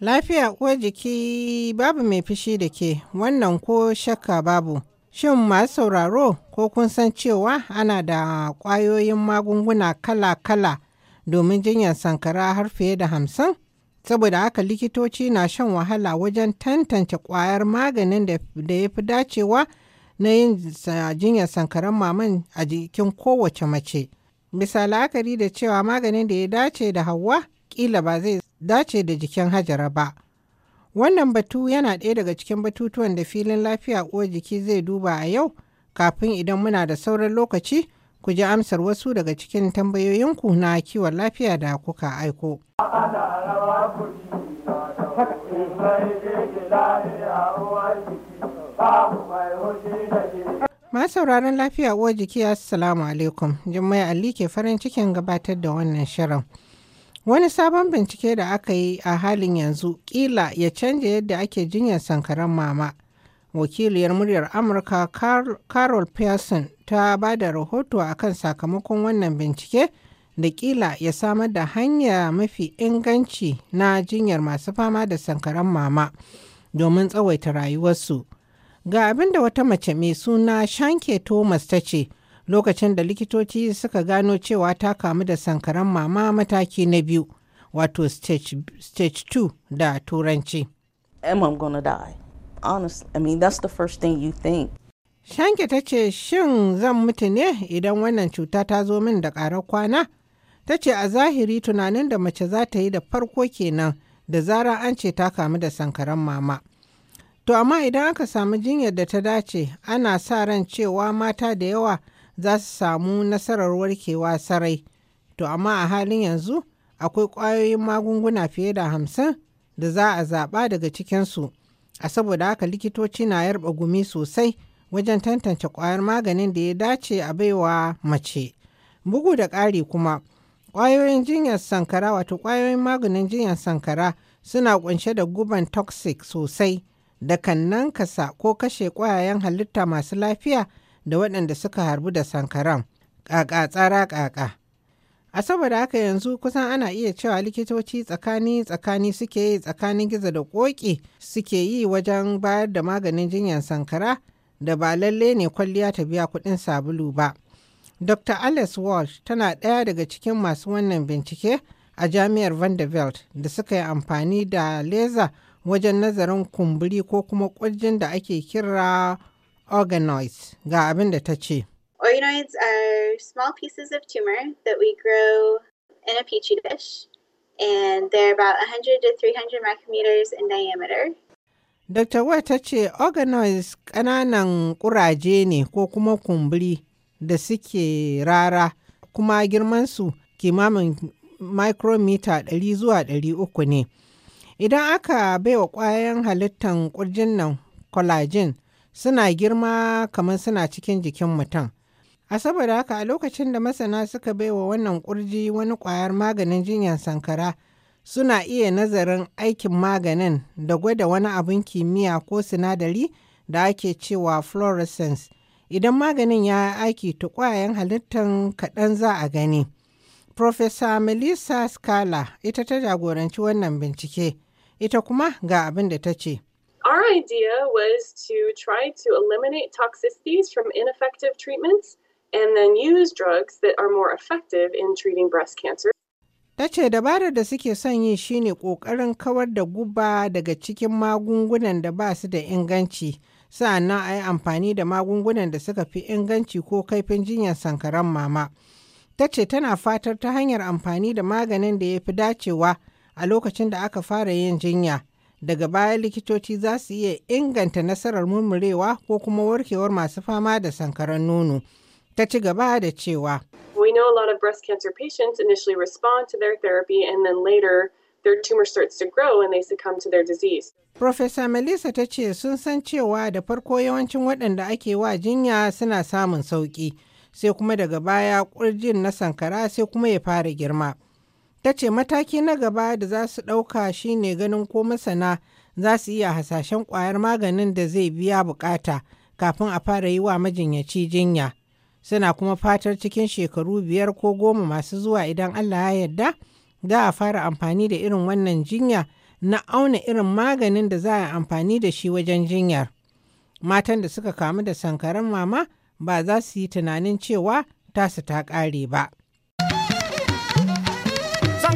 Lafiya uwar jiki babu mai fushi da ke wannan ko shakka babu. Shin masu sauraro ko kun san cewa ana da ƙwayoyin magunguna kala-kala domin jinyar sankara har fiye da hamsin? Saboda haka likitoci na shan wahala wajen tantance ƙwayar maganin da ya fi dacewa na yin jinyar sankaran maman a jikin kowace mace. bisa la'akari da cewa maganin da ya dace da hawa kila ba zai dace da jikin hajara ba wannan batu yana ɗaya daga cikin batutuwan da filin lafiya uwar jiki zai duba a yau kafin idan muna da sauran lokaci ku ji amsar wasu daga cikin tambayoyinku na kiwon lafiya da kuka aiko. ma sauraron lafiya uwar jiki assalamu alaikum. Jummai Ali ke farin cikin gabatar da wannan shirin. Wani sabon bincike da aka yi a halin yanzu kila ya canja yadda ake jinyar sankaran mama. Wakiliyar muryar Amurka Carol Pearson ta ba da rahoto a kan sakamakon wannan bincike da kila ya samar da hanya mafi inganci na jinyar masu fama da sankaran mama domin tsawaita rayuwarsu. Ga abin da wata mace mai suna Shanke Thomas ta ce lokacin da likitoci suka gano cewa ta kamu da sankaran mama mataki na biyu, wato stage 2 da turanci. Shanke ta ce shin zan mutu ne idan wannan cuta ta zo min da ƙarar kwana? Ta ce a zahiri tunanin da mace za ta yi da farko kenan da zara an ce ta kamu da sankaran mama. To amma idan aka samu jinyar da ta dace ana sa ran cewa mata da yawa za su samu nasarar warkewa sarai. To amma a halin yanzu akwai ƙwayoyin magunguna fiye da hamsin da za a zaɓa daga cikinsu. A saboda haka likitoci na yarba gumi sosai wajen tantance ƙwayar maganin da ya dace a baiwa mace. Bugu da ƙari kuma, ƙwayoyin jinyar sankara wato ƙwayoyin maganin jinyar sankara suna ƙunshe da guban toxic sosai da kannan kasa ko kashe ƙwayayen halitta masu lafiya da waɗanda suka harbu da sankaran ƙaƙa tsara ƙaƙa. A saboda haka yanzu kusan ana iya cewa likitoci tsakani tsakani suke yi tsakanin gizo da ƙoƙi suke yi wajen bayar da maganin jinyar sankara da ba lalle ne kwalliya ta biya kuɗin sabulu ba. Dr. Alice Walsh tana ɗaya daga cikin masu wannan bincike a jami'ar Vanderbilt da suka yi amfani da leza wajen nazarin kumburi ko kuma ƙurjin da ake kira organoids ga abin da ta ce. Organoids are small pieces of tumor that we grow in a petri dish and they're about 100 to 300 micrometers in diameter. Dr. Wa ta ce organoids ƙananan ƙuraje ne ko kuma kumburi da suke rara kuma girmansu kimamin micrometer 100 zuwa 300 ne. Idan aka baiwa kwayan halittan ƙurjin nan collagen suna girma kamar suna cikin jikin mutum. A saboda haka a lokacin da masana suka baiwa wannan ƙurji wani ƙwayar maganin jinyar sankara suna iya nazarin aikin maganin da gwada wani abin kimiyya ko sinadari da ake cewa fluorescence. Idan maganin ya aiki ta kwayan halittan kaɗan za a gani. Profesa Melissa Scala ita ta jagoranci wannan bincike. ita kuma ga abin da ta ce. Our idea was to try to eliminate toxicities from ineffective treatments and then use drugs that are more effective in treating breast cancer. Ta ce dabarar da suke son yi shine ƙoƙarin kawar da guba daga cikin magungunan da ba su da inganci, sa'annan a yi amfani da magungunan da suka fi inganci ko kaifin jinyar sankaran mama. Ta ce tana fatar ta hanyar amfani da maganin da ya fi dacewa a lokacin da aka fara yin jinya daga baya likitoci za su iya inganta nasarar murmurewa ko kuma warkewar masu fama da sankaran nono ta ci gaba da cewa We know a lot of breast cancer patients initially respond to their therapy and then later their tumor starts to grow and they succumb to their disease. Professor Melissa ta ce sun san cewa da farko yawancin waɗanda ake wa jinya suna samun sauƙi, sai kuma daga baya ƙurjin na sankara sai kuma ya fara girma. ta ce mataki na gaba da za su ɗauka shine ganin ko masana za su iya hasashen ƙwayar maganin da zai biya bukata kafin a fara yi wa majinyaci jinya suna kuma fatar cikin shekaru biyar ko goma masu zuwa idan allah ya yarda za a fara amfani da irin wannan jinya na auna irin maganin da za a amfani da shi wajen jinyar matan da suka kamu da sankaran mama ba za su yi tunanin cewa tasu ta ƙare ba.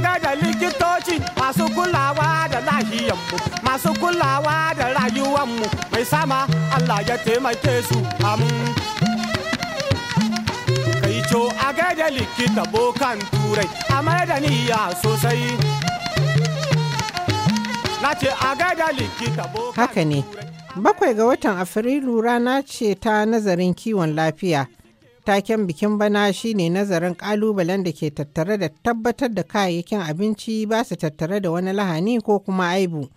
gai da likitoci masu kulawa da lahiyanmu masu kulawa da rayuwanmu mai sama Allah ya taimake su amin. Kai co a gai da likita bokan turai a mai sosai. Nace a gai da likita bokan Haka ne, bakwai ga watan Afrilu rana ce ta nazarin kiwon lafiya. Taken bikin bana shine nazarin ƙalubalen da ke tattare da tabbatar da kayayyakin abinci ba su tattare da wani lahani ko kuma aibu,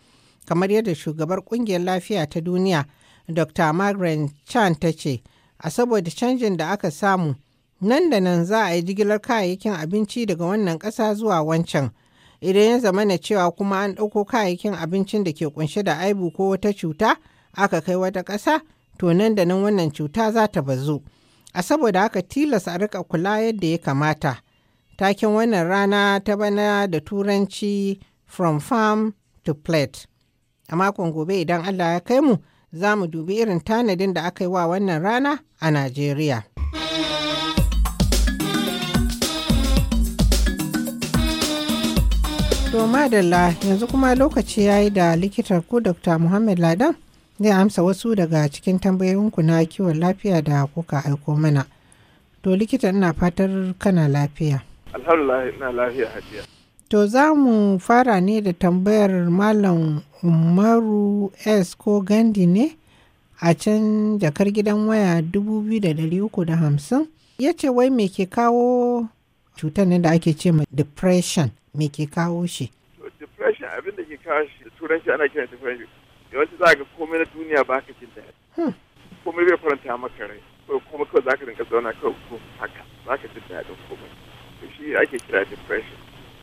kamar yadda shugabar ƙungiyar lafiya ta duniya Dr. Margaret Chan ta ce, a saboda canjin da aka samu, nan da nan za a yi jigilar kayayyakin abinci daga wannan ƙasa zuwa wancan. Idan ya zama na cewa kuma an ɗauko kayayyakin abincin da ke kunshe da aibu ko wata cuta aka kai wata ƙasa, to nan da nan wannan cuta za ta bazu. a saboda haka tilas a rika kula yadda ya kamata taken wannan rana ta bana da turanci from farm to plate a makon gobe idan allah ya kai mu za mu dubi irin tanadin da aka yi wa wannan rana a najeriya to madalla yanzu kuma lokaci ya yi da likitar ku dr muhammad ladan zai amsa wasu daga cikin tambayoyinku na kiwon lafiya da kuka aiko mana. To likita ina fatar kana lafiya. Alhamdulillah ina lafiya hajiya. To za mu fara ne da tambayar Malam Umaru S ko Gandi ne a can jakar gidan waya 2350 ya ce wai me ke kawo cutar nan da ake ce ma depression me ke kawo shi. Depression abin da ke kawo shi turanci ana kiran depression yawanci za ga komai na duniya ba ka jin daɗi hmm. komai bai faranta maka rai kuma kawai za ka rinka zauna kawai ko haka za ka jin daɗin komai to shi ake kira depression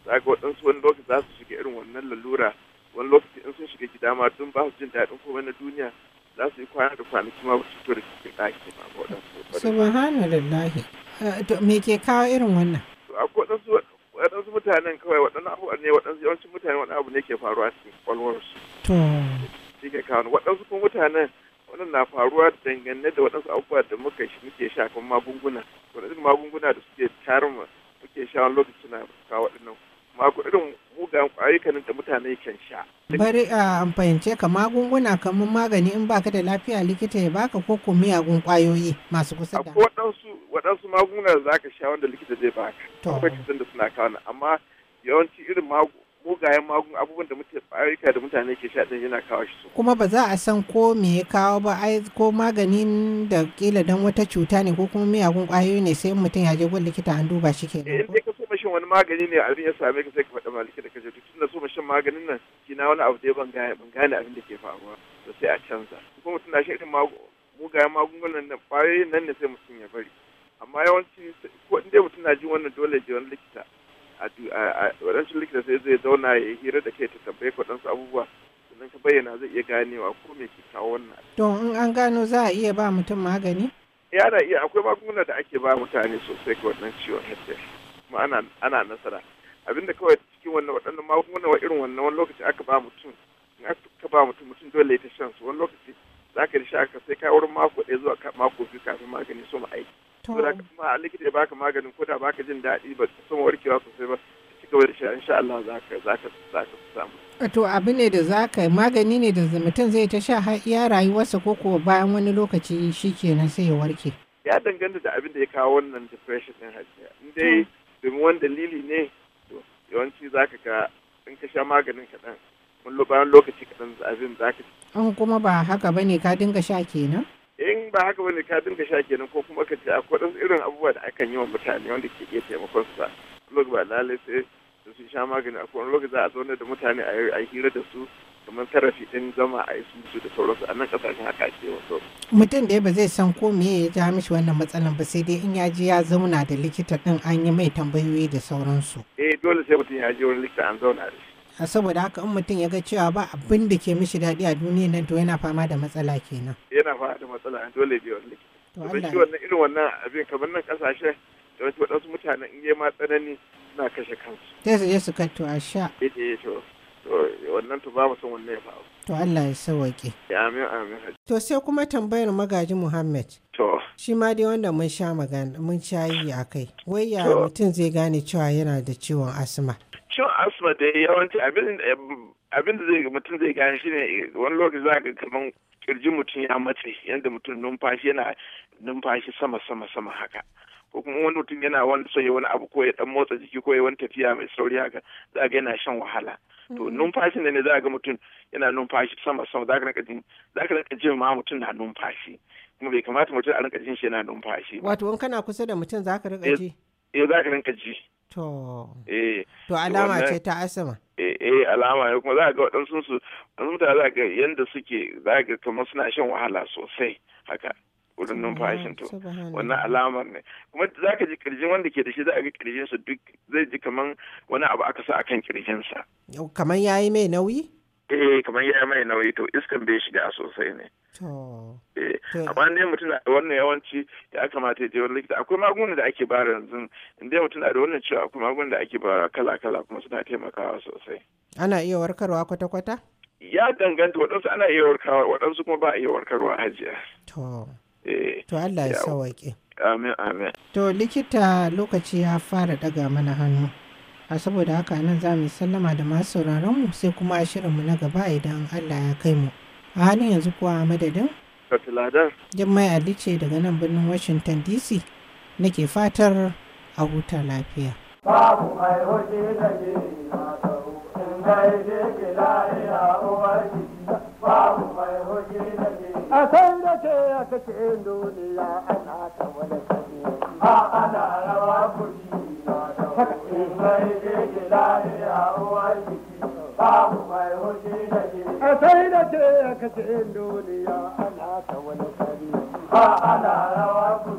za ga waɗansu wani lokaci za su shiga irin wannan lalura wani lokaci in sun shiga gida ma dun ba su jin daɗin komai na duniya za su yi kwana da kwanaki ma ba su fito da cikin ɗaki ma ba waɗansu. subhanallahi eh, me ke kawo irin wannan. akwai waɗansu waɗansu mutanen kawai waɗannan abu ne waɗansu yawancin mutane waɗannan abu ne ke faruwa cikin kwalwarsu. ke kawo waɗansu kuma mutanen wannan na faruwa dangane da waɗansu abubuwa da muka shi muke sha kuma magunguna waɗansu magunguna da suke tarin muke sha wani lokaci na kawo waɗannan magu irin mugayen ƙwayukan da mutane kan sha. bari a fahimce ka magunguna kamar magani in baka da lafiya likita ya baka ko ko miyagun ƙwayoyi masu kusa da. akwai waɗansu waɗansu magunguna da za ka sha wanda likita zai baka. to akwai cutar da suna kawo amma yawanci kayan magun abubuwan da mutane ayyuka da mutane ke sha din yana kawo shi kuma ba za a san ko me ya kawo ba ai ko maganin da kila dan wata cuta ne ko kuma miyagun kwayoyi ne sai mutum ya je gun likita an duba shi ke eh dai ka so mashin wani magani ne abin ya same ka sai ka faɗa ma likita ka je tun da so mashin maganin nan shi na wani abu da ban gane ban gane abin da ke faruwa to sai a canza kuma mutum na shirin mugayen magungunan nan kwayoyin nan ne sai mutum ya bari amma yawanci ko inda mutum na ji wannan dole je wani likita rashin likita sai zai zauna ya hira da kai ta tambaye ɗansu abubuwa sannan ka bayyana zai iya ganewa ko me ke kawo wannan. To in an gano za a iya ba mutum magani? Eh, na iya akwai magunguna da ake ba mutane sosai ga wannan ciwon HIV kuma ana ana nasara. Abinda kawai cikin wannan waɗannan magunguna wa irin wannan wani lokaci aka ba mutum in aka ba mutum mutum dole ya ta shan su wani lokaci za ka sha ka sai ka wurin mako ɗaya zuwa mako biyu kafin magani so mu aiki. a likita ya baka maganin ko da baka jin daɗi ba sun warkewa sosai ba ci gaba da shi insha Allah za ka za ka za ka samu to abu ne da za ka magani ne da mutum zai ta sha har iya rayuwarsa ko ko bayan wani lokaci shikenan sai ya warke ya danganta da abin da ya kawo wannan depression din hajiya in dai hmm. domin wani dalili ne to yawanci za ka ga in ka sha maganin kaɗan bayan lokaci kaɗan abin za ka an kuma ba haka ba ne ka dinga sha kenan in ba haka bane ka dinga sha kenan ko kuma ka ce akwai wasu irin abubuwa da akan yi wa mutane wanda ke iya taimakon su ba lokaci ba lalai sai da sun sha magani a wani lokaci za a zauna da mutane a yi hira da su kamar tarafi din zama a yi su da sauransu a nan kasashen haka ake wasu. mutum da ba zai san ko me ya ja mishi wannan matsalan ba sai dai in ya ji ya zauna da likita din an yi mai tambayoyi da sauransu. eh dole sai mutum ya je wani likita an zauna da shi. saboda haka in mutum ya ga cewa ba abin da ke mishi daɗi a duniya nan to yana fama da matsala kenan yana fama da matsala dole biyar likita. to Allah shi wannan irin wannan abin kamar nan ƙasashe da wasu waɗansu mutanen in yayi ma tsanani suna kashe kansu Ta su je su to a sha eh eh to wannan to ba mu san wannan ya faru to Allah ya sauke amin amin to sai kuma tambayar magaji Muhammad to shi ma dai wanda mun sha magana mun sha yi a kai. wai ya mutum zai gane cewa yana da ciwon asma cin asma da yawanci abin da zai mutum zai gane shine wani lokaci za ka kaman kirji mutum ya matse yadda mutum numfashi yana numfashi sama sama sama haka ko kuma wani mutum yana wani so wani abu ko ya dan motsa jiki ko ya wani tafiya mai sauri haka za ga yana shan wahala to mm-hmm. numfashin da ne za ga mutum yana numfashi sama sama za ka rinka jin za ka rinka jin ma mutum na numfashi kuma bai kamata mutum a rinka jin shi yana numfashi wato in kana kusa da mutum za ka rinka eh, ji eh za ka rinka ji To. Eh. To alama ce ta asama. Eh eh alama ne kuma za ga waɗansu su mutane za ga yanda suke za ga kamar suna shan wahala sosai haka. wurin numfashin to wannan alamar ne kuma za ka ji kirjin wanda ke da shi za a ga kirjinsa duk zai ji kamar wani abu aka sa akan kirjinsa. Kamar ya yi mai nauyi? eh kamar ya mai nauyi to iskan bai shiga sosai ne Eh, amma ne mutum na wannan yawanci ya kamata ya je wani likita akwai magunguna da ake bara yanzu inda mutum na da wannan cewa akwai magunguna da ake bara kala kala kuma suna taimakawa sosai ana iya warkarwa kwata kwata ya danganta waɗansu ana iya warkarwa waɗansu kuma ba a iya warkarwa hajiya to eh. to Allah ya sawaƙe amin amin to likita lokaci ya fara daga mana hannu a saboda haka nan za mu sallama da masu sauraron mu sai kuma a shirinmu na gaba idan Allah ya kai mu a halin yanzu kuwa a madadin Jummai Ali ce daga nan birnin Washington DC nake fatar a huta lafiya. Babu mai na ke a san da ke ya kace duniya ana ta wani ana damuwar da ke ya sai ana ta